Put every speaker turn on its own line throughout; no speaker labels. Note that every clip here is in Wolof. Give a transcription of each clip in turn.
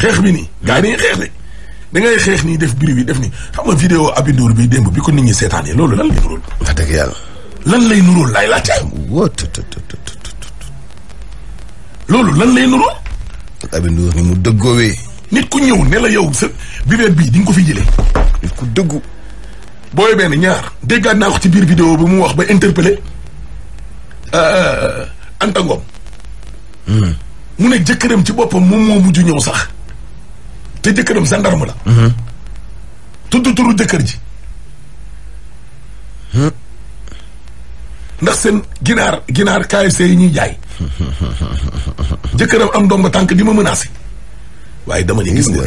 xeex bi ni gars yi dañuy xeex de da xeex nii def bruit bi def ni xam nga vidéo abindoor bi démb bi ko nit ñi seetaanee loolu lan lay nuróol. dëgg yàlla. lan lay nuróol laay laajte. wóo loolu lan lay nuróol. abindoor ni mu dëggoowee. nit ku ñëw ne la yow bi bibeet bii di nga ko fi jëlee. nit ku dëggu. booy benn ñaar déggaat naa ko ci biir vidéo bi mu wax ba interpellé euh, euh, Anta Ngom. Hmm. mu ne jëkkëram ci boppam moom moo mujj ñëw sax. te jëkkëram gendarme la. Mhm. tudd turu jëkkër ji. Mhm. ndax seen ginaar ginaar KFC yi ñuy jaay. jëkkëram am doom ba tànk di ma mën a si waaye dama ni gis nga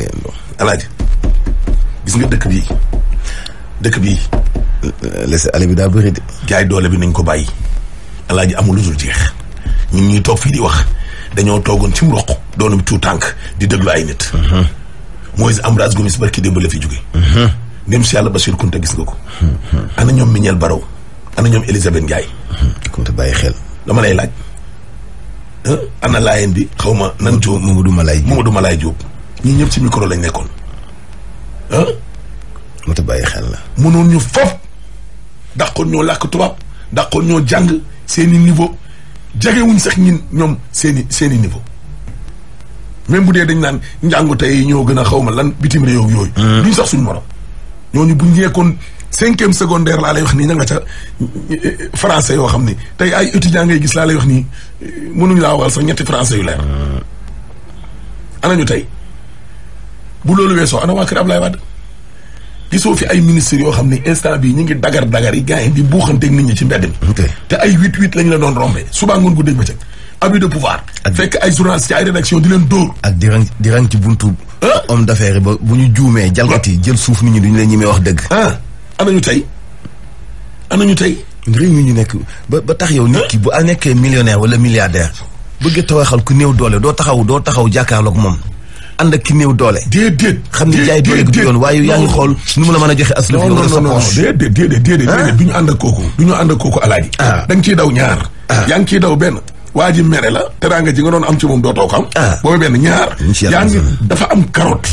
alaaji gis nga dëkk bii dëkk bii. Euh, laisser aller bi daa bëri de. jaay doole bi nañ ko bàyyi. alaaji amul lu dul jeex ñun ñuy toog fii di wax dañoo toogoon ci mu roq doonum tànk di déglu ay nit. Mhm. Moïse Ambroise Gomis barki démb la fi jóge dem si yàlla Bachir Kounta gis nga ko ana ñoom Mignel Baraw ana ñoom Elisabeth Ndiaye Kounta bàyyi xel dama lay laaj ana laayeen bi xaw ma nan Jóob Mamadou Malaye Mamadou Malaye Jóob ñii ñëpp ci micro lañ nekkoon ah bàyyi xel la mënoon ñu foofu dàqoon ñoo làkk tubaab dàqoon ñoo jàng seeni niveau jegewuñ sax ñin ñoom seeni seeni niveau même bu dee dañ naan njàngu tey ñoo gën a xaw ma lan bitim réew yooyu. Hmm. duñ sax suñ morom. ñooñu bu ñu koon cinquième secondaire laa lay wax nii ña nga ca français yoo xam ni tey ay étudiants ngay gis laa lay wax nii mënuñ laa waxal sax ñetti français yu leer. Hmm. ana ñu tey bu loolu weesoo ana waa kër Ablaye Wade gisoo fi ay ministres yoo xam ne instant bii ñu ngi dagar dagar yi gars yi di buuxanteeg nit ñi ci mbedd mi. te ay huit huit lañ la doon rombé suba abus de pouvoir. fekk ay journalistes ci ay rédaction di leen dóor. ak di rang ci buntu. homme d'affaires ba bu ñu juumee jalgati jël suuf nit ñi duñu leen ñemee wax dëgg. ah ana ñu tey ana ñu tey. réew mi ñu nekk ba ba tax yow nit ki bu a nekkee millionnaire wala milliardaire bëgg tawaxal ku néew doole doo taxaw doo taxaw jàkkaarloog moom. ànd ak ki néew doole. déedéet xam ne jaay doole gi du yoon waaye yaa ngi xool nu mu la mën a joxe asla. non non non déedéet déedéet déedéet du ñu ànd ak kooku. du ñu ànd ak kooku alaaji. Ah. da nga ciy daw ñaar. Ah. yaa ngi ciy daw benn. waa ji mere la teraanga ji nga doon am ci moom dootoo ko am ah. boobu benn ñaar yaa ngi dafa am carotte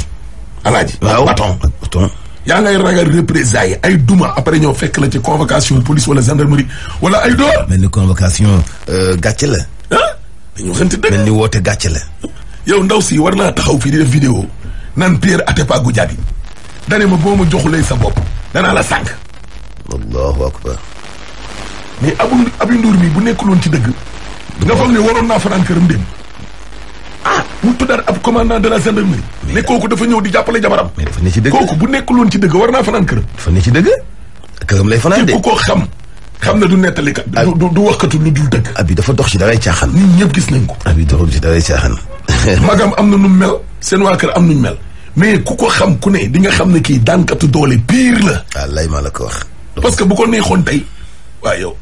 alaaji bâton bâton yaa ngay ragal représailles ay duma après ñoo fekk la ci convocation police wala gendarmerie wala ay door mel ni convocation euh, gàcce la ah dañu xanti dëgg mel ni woote gàcce la yow ndaw si war naa taxaw fii di def vidéo naan Pierre Atepa Goudiaby dane ma boo ma joxulee sa bopp danaa la sànq allahu akbar mais abu abi nduur bu nekkuloon ci dëgg nga foog waroon naa fanaan këram dem ah mu tuddaat ab de la gendarmerie. ne dafa ñëw di jàppale jabaram. mais dafa ne ci bu nekkul woon ci dëgg war naa fanaan këram. dafa ne ci dëgg këram lay fanaan de. xam na du nettali kat. Ah. du du du waxkatu lu dul dëgg. abi dafa dox ci daray caaxaan. nit ñëpp gis nañ ko. abi doxul ci daray caaxaan. magam am na nu mel seen waa kër am nuñ mel mais ku ko xam ku ne di nga xam ne kii daankatu doole pire la. wallaay maa la ko wax. parce que bu ko neexoon tey waaye yow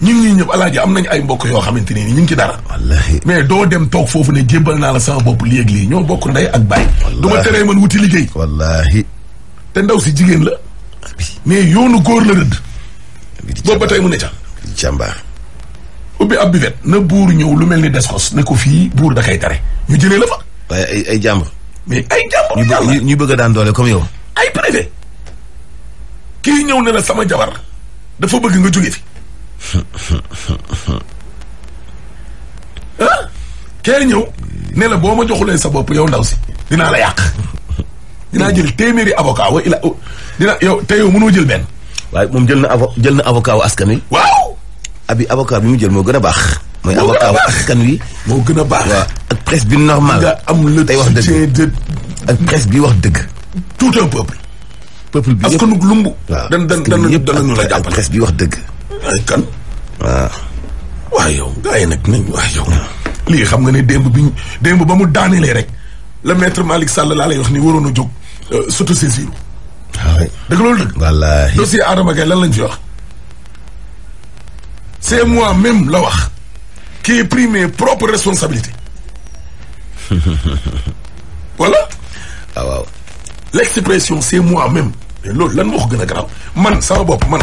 ñun ñii ñëpp alaaji am nañ ay mbokk yoo xamante ne ni ñu ngi ci dara. wallaahi mais doo dem toog foofu ne jébbal naa la sama bopp léeg lii ñoo bokk ndey ak baay. wallaahi du ma teree man wuti liggéey. wallaahi. te ndaw si jigéen la. mais yoonu góor la rëdd. boobu ba tey mu ne ca. jàmbaar. ubbi ab bivet na buur ñëw lu mel ni Descos ne ko fii buur da kay tare ñu jëlee la fa. waaye ay ay jàmbur. mais ay jàmbur ñu ñuy bëgg a daan doole comme yow. ay préfet. kii ñëw ne la sama jabar dafa bëgg fi ah ñëw ne la boo ma joxulee sa bopp yow ndaw si dinaa la yàq dinaa jël téeméeri abokaaw wa ila dina yow jël benn. waaye moom jël na avo jël na avocat wu askan wi. waaw. abi avocat bi mu jël moo gën a baax. mooy avocat askan wi. moo gën a baax waaw ak presse bi normal. nga am le wax de ak presse bi wax dëgg. tout un peuple. peuple bi yëpp askanu lumbu. waaw dan dan dan dan la ñu la jàppale presse bi wax dëgg. Ah. waaw. waaw yow ay yi nag nañ waaw yow. lii xam nga ne démb bi ñu démb ba mu daanelee rek la maître Malick Sall laa lay wax nii waroon a jóg euh, s'autosaisir. waaw ah dëgg loolu dëgg. wallaahi dossier Adama Gaye lan lañ fi wax. c'est mois même la wax. qui ai pris responsabilité propres responsabilités. voilà. waaw ah, waaw. l'expression c'est moi même. loolu lan moo ko gën a garaaw man sama bopp man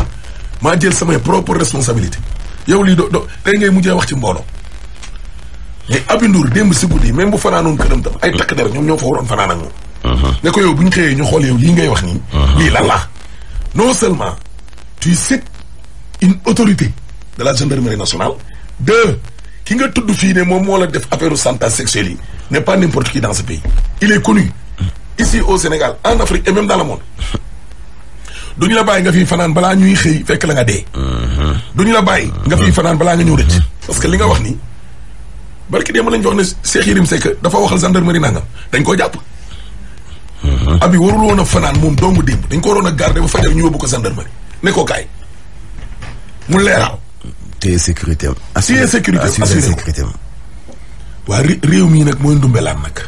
maa jël samay propres responsabilité yow lii do do tey ngay mujjee wax ci mbooloo mais Aby Ndour démb si guddi même bu fanaanoon këram tam ay takk der ñoom ñoo fa waroon fanaan ak moom uh-huh. ne ko yow bu ñu xëyee ñu xool yow lii ngay wax nii uh-huh. lii lan la non seulement tu cites une autorité de la gendarmerie nationale deux ki nga tudd fii ne moom moo la def affaire santage sexuelle yi n'est pas n'importe qui dans ce pays il est connu ici au Sénégal en Afrique et même dans ñu la bàyyi nga fiy fanaan balaa ñuy xëy fekk la nga dee. duñu la bàyyi nga fiy fanaan balaa nga ñëw rëcc. parce que li nga wax nii barki démb lañ wax ne Cheikh Yérim Seck dafa waxal gendarmerie nangam dañ koo jàpp. abi warul a fanaan moom doomu démb dañ koo waroon a garder ba fajar ñu yóbbu ko gendarmerie ne ko kaay mu leeral. téye sécurité am. assuré sécurité am réew mii nag mooy ndumbelaan nag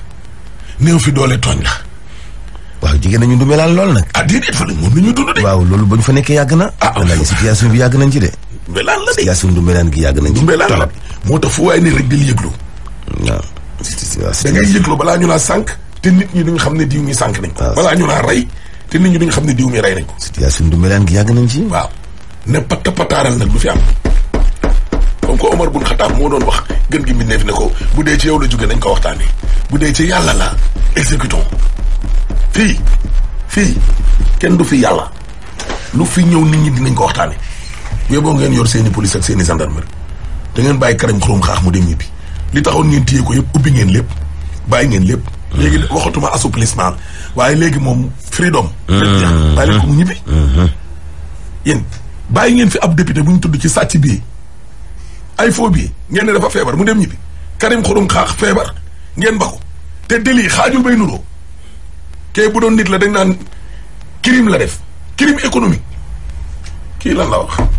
néew fi doole tooñ la. jigéen nañu dumelaan lool nag ah déedéet fa lañ moom la ñu dund de waaw loolu ba ñu fa nekkee yàgg na ah, ah. la situation bi yàgg nañ ci de dumelaan la de situation dumelaan gi yàgg nañ ci dumelaan la moo tax fu waaye ne rek dal yëglu waaw da ngay balaa ñu laa sànq te nit ñi duñ xam ne diw mi sànq nañ ko ah. balaa ñu laa rey te nit xam ne diw mi rey nañ ko situation dumelaan gi yàgg nañ ci waaw ne patta pataaral nag du fi am comme que Omar bun Xataab moo doon wax gën gi mbindeef ne ko bu dee ci yow la jóge nañ ko waxtaanee bu dee ci yàlla la exécutons fii fii kenn du fi yàlla lu fi ñëw nit ñi dinañ ko waxtaane bu boo ngeen yor seeni police ak seen i gendarmerie da ngeen bàyyi karam xurum xaax mu dem ñibbi li taxoon ngeen téye ko yëpp ubbi ngeen lépp bàyyi ngeen lépp. Hmm. léegi waxatuma assouplissement waaye léegi moom freedom. Hmm. bàyyi leen ko mu ñibbi. Hmm. yéen bàyyi ngeen fi ab député bu ñu tudd ci sàcc bii ay faux bii ngeen ne dafa feebar mu dem ñibbi karim xurum xaax feebar ngeen ba ko te déli xaajul bay nuroo kee bu doon nit la dañ naan crime la def crime économique kii lan la wax.